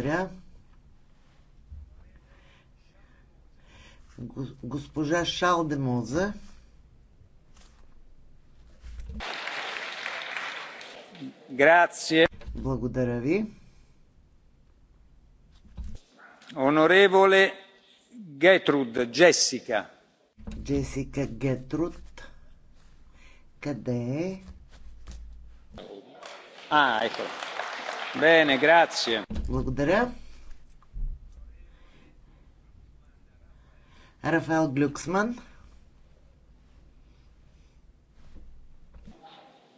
Благодаря. Госпожа Шалдемоза. Грация. Благодаря ви. Онореволе Гетруд, Джесика. Джесика Гетруд. Къде е? А, ето. Bene, grazie. Благодаря. Рафаел Глюксман.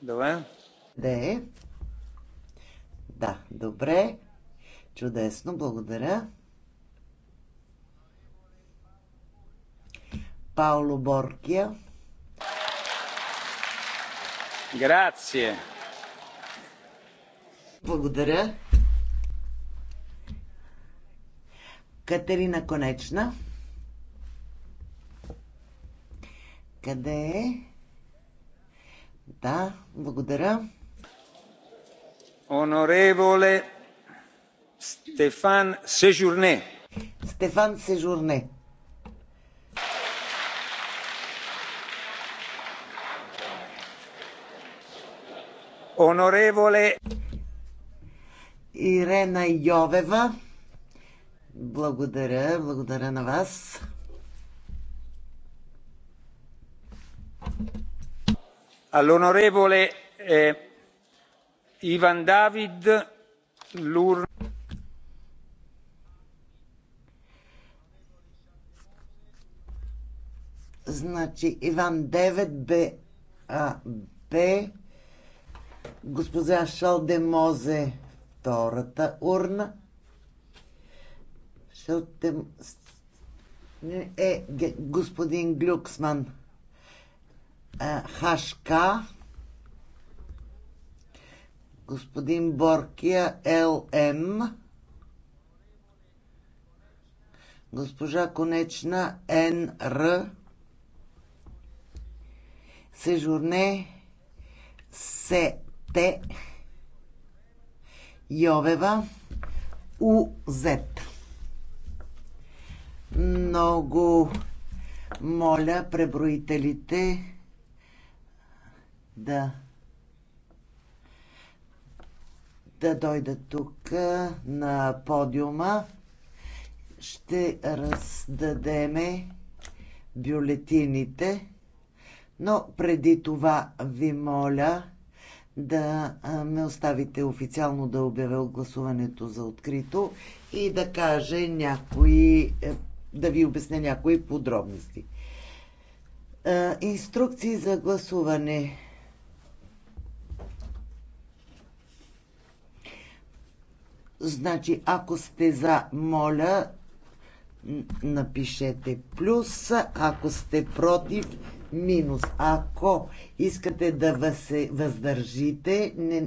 Добре. Де е? Да, добре. Чудесно, благодаря. Пауло Боркия. Grazie. Благодаря. Катерина Конечна. Къде е? Да, благодаря. Онореволе Стефан Сежурне. Стефан Сежурне. Онореволе Ирена Йовева. Благодаря, благодаря на вас. All'onorevole Иван Давид Лур. Значи Иван Девет Б. А, Б. Госпожа Шалдемозе втората урна е господин Глюксман Хашка господин Боркия ЛМ госпожа Конечна НР Сежурне СТ Йовева УЗ. Много моля преброителите да да дойдат тук на подиума. Ще раздадеме бюлетините, но преди това ви моля да ме оставите официално да обявя гласуването за открито и да каже някои, е, да ви обясня някои подробности. Инструкции за гласуване. Значи, ако сте за, моля, напишете плюс, ако сте против, минус. Ако искате да се въздържите, не,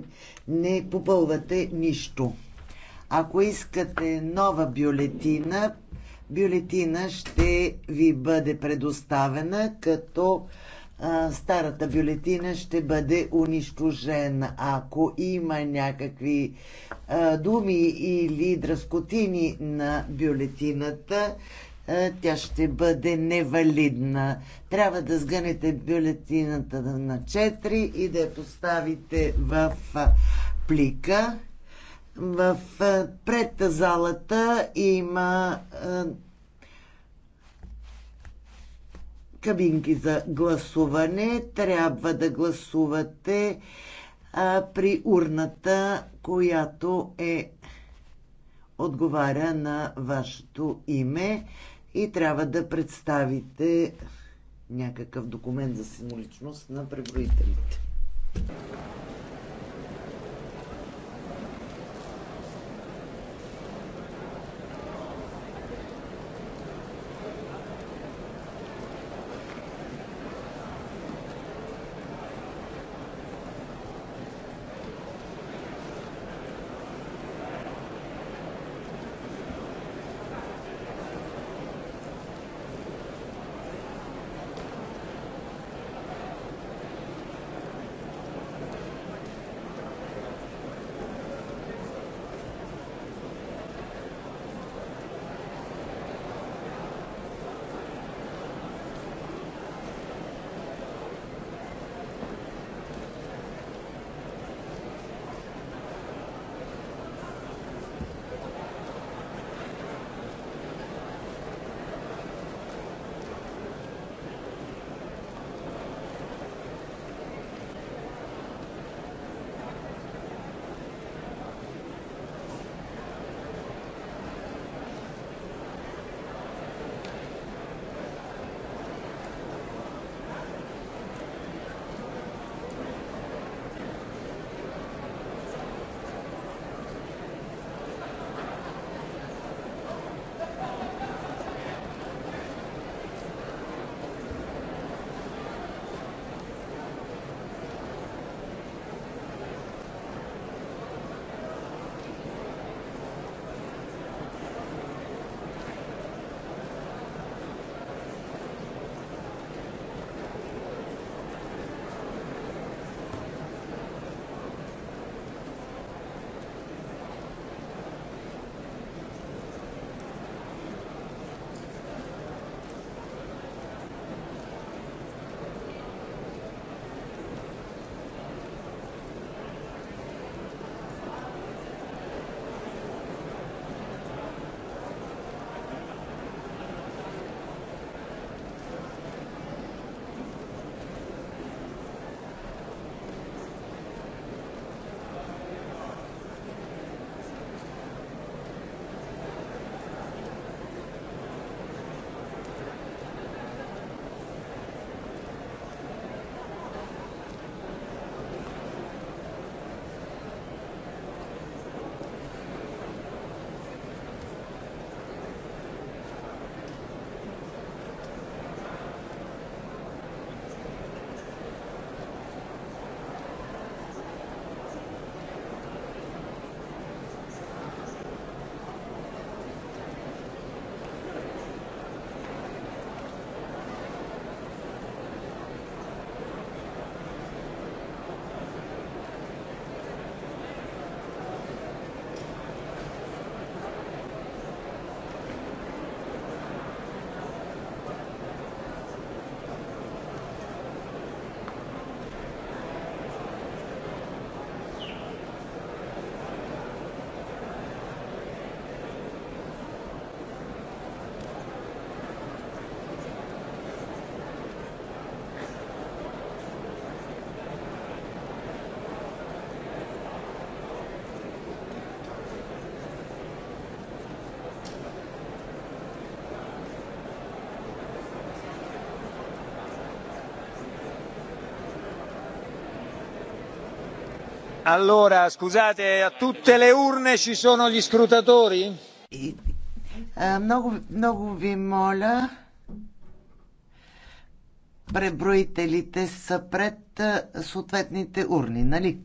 не попълвате нищо. Ако искате нова бюлетина, бюлетина ще ви бъде предоставена, като а, старата бюлетина ще бъде унищожена. Ако има някакви а, думи или дръскотини на бюлетината, е, тя ще бъде невалидна. Трябва да сгънете бюлетината на 4 и да я поставите в плика. В пред залата има кабинки за гласуване. Трябва да гласувате при урната, която е отговаря на вашето име и трябва да представите някакъв документ за самоличност на преброителите. Allora, scusate, a tutte le urne ci sono gli scrutatori? Много, много ви моля, преброителите са пред съответните урни, нали?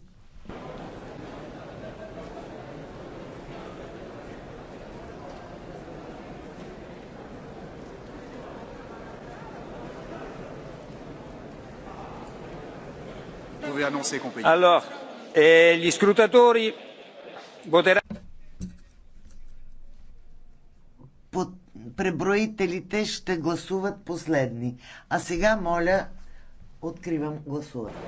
Alors, E gli scrutatori voteranno. Преброителите ще гласуват последни. А сега, моля, откривам гласуването.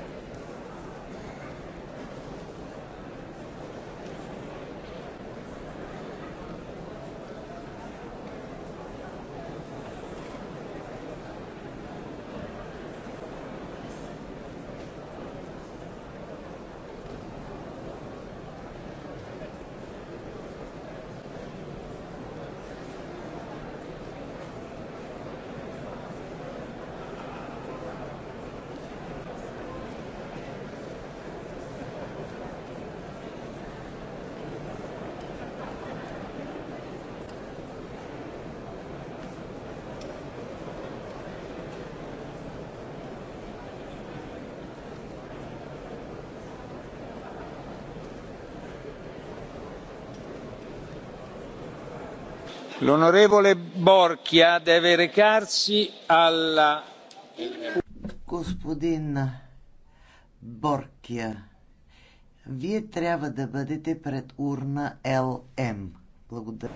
L'onorevole Боркия deve recarsi alla... Господин Боркия, вие трябва да бъдете пред урна ЛМ. Благодаря.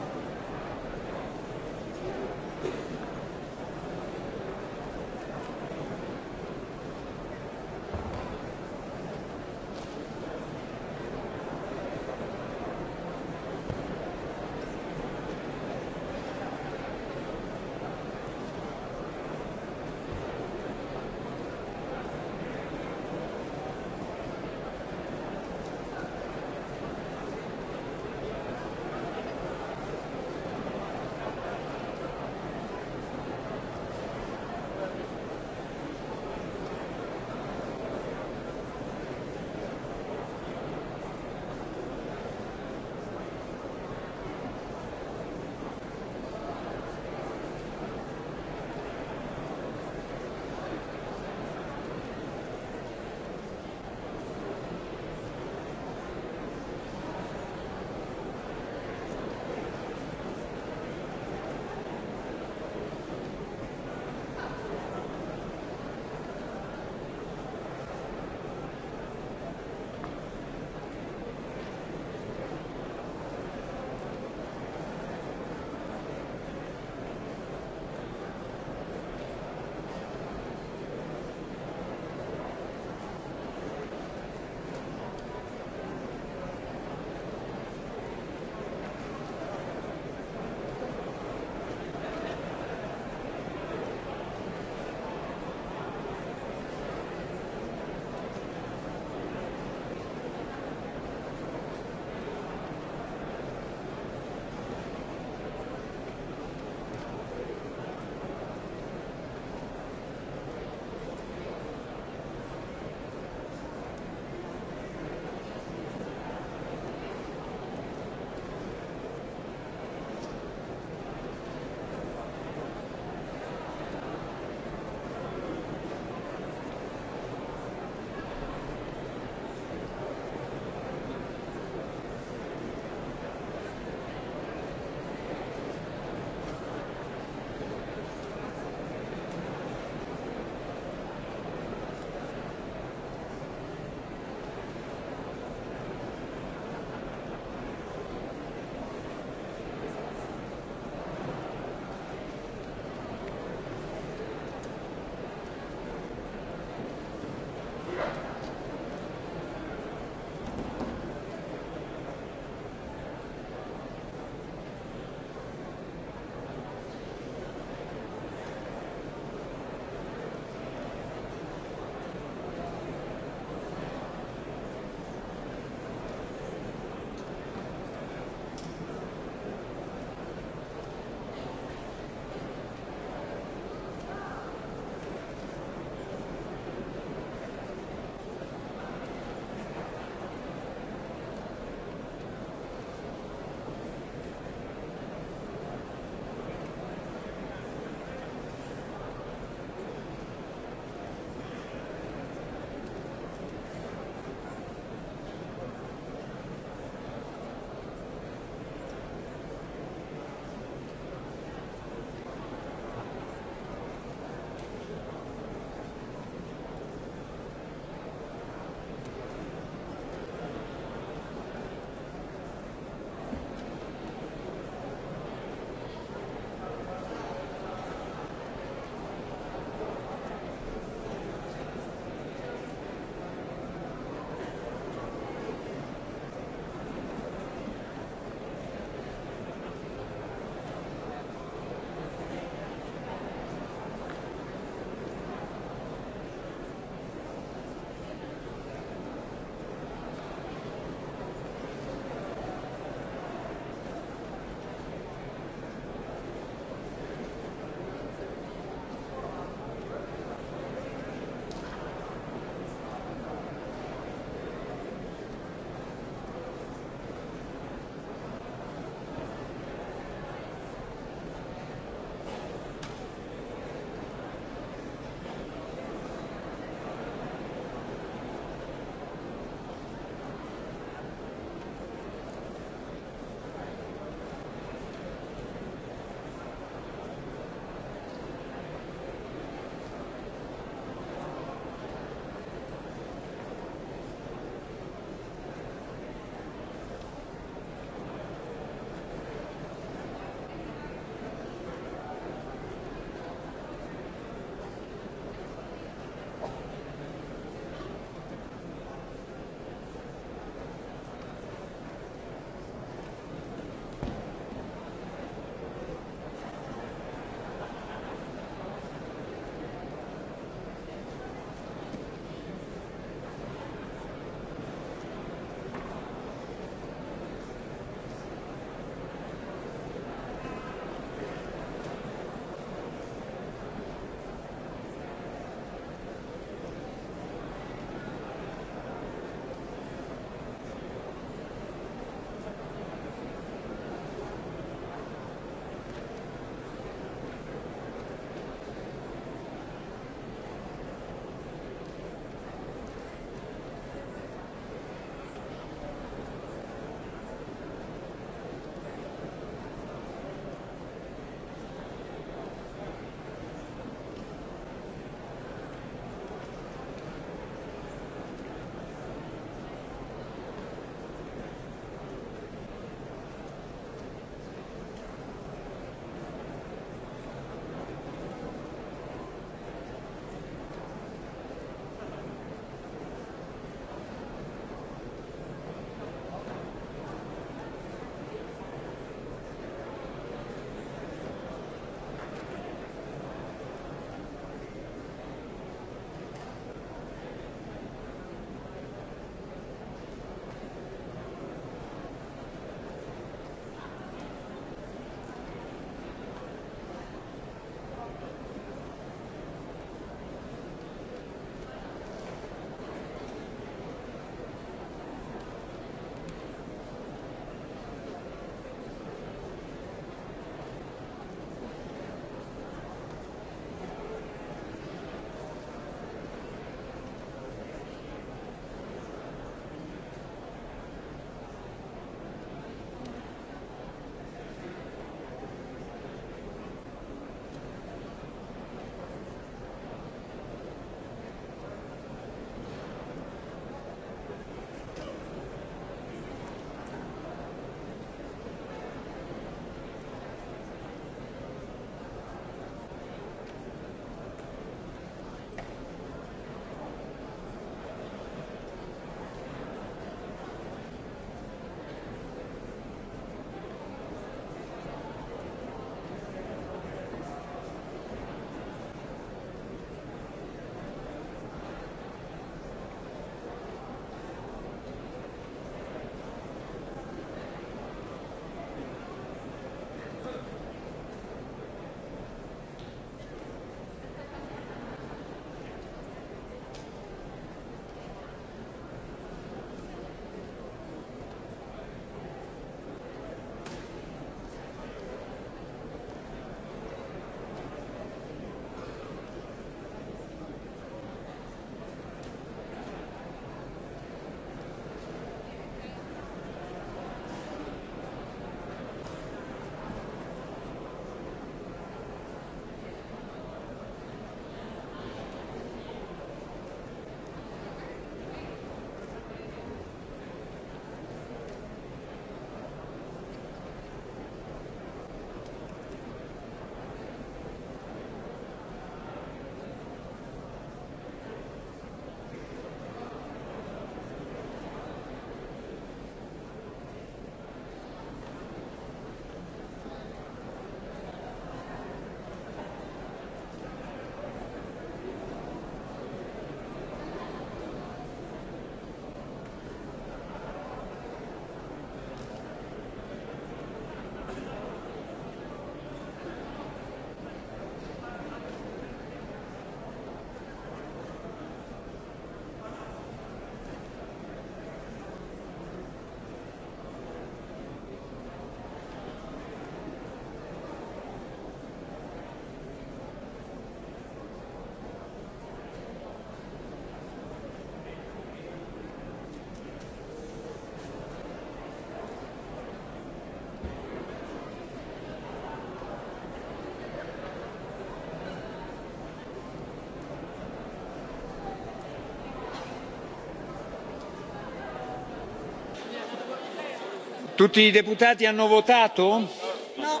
Tutti i deputati hanno votato? No.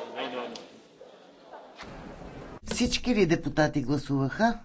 Всички ли депутати гласуваха?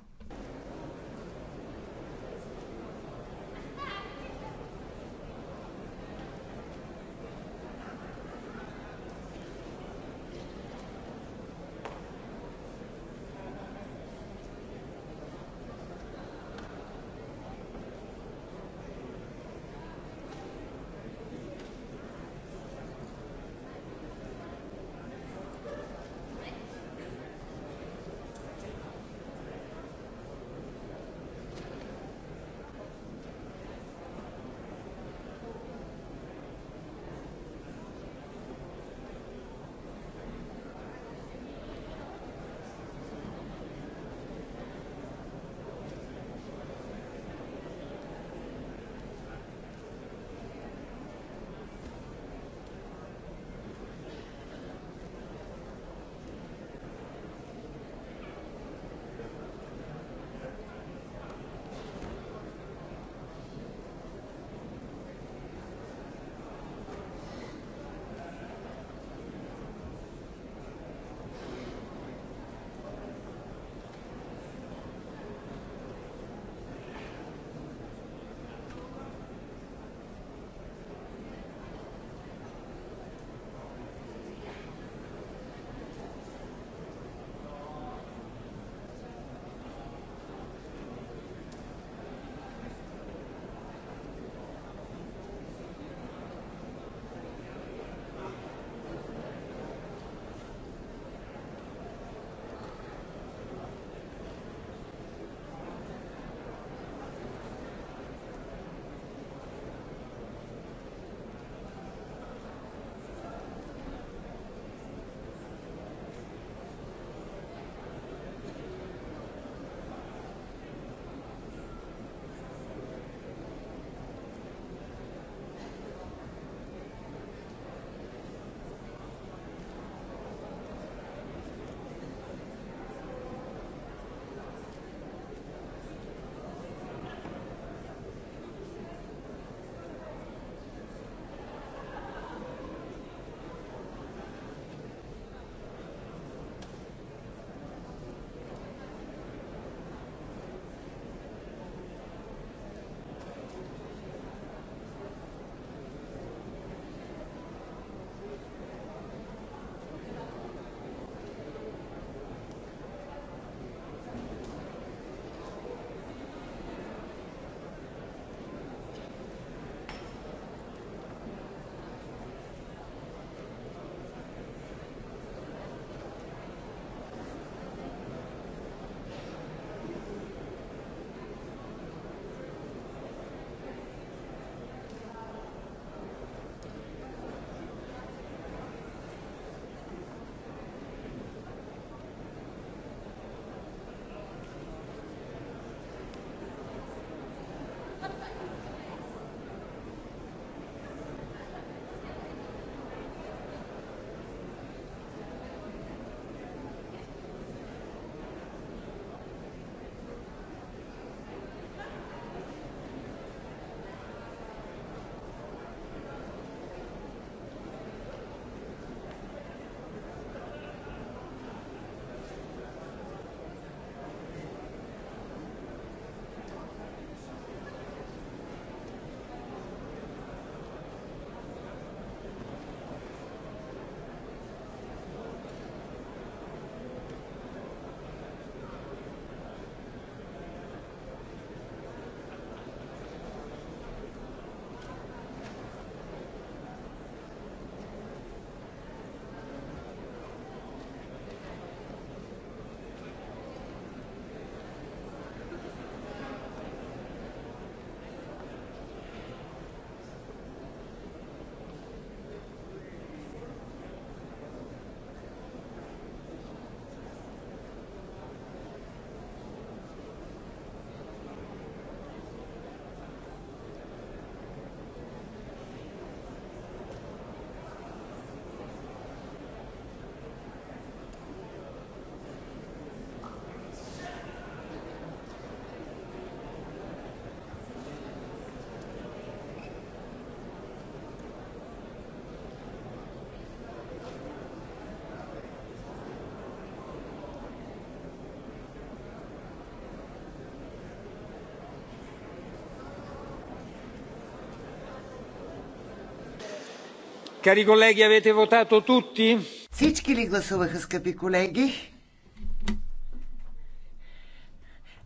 Cari colleghi, avete votato tutti? Всички ли гласуваха, скъпи колеги?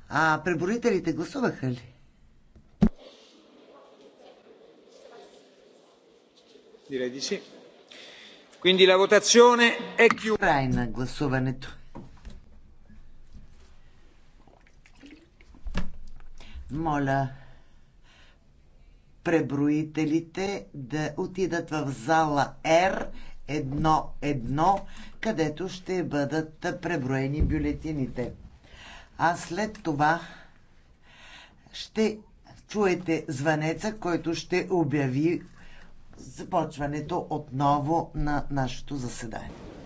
А преборителите гласуваха ли? Direi di sì. Quindi la votazione è chiusa. Край на гласуването. Моля преброителите да отидат в зала R едно едно, където ще бъдат преброени бюлетините. А след това ще чуете звънеца, който ще обяви започването отново на нашето заседание.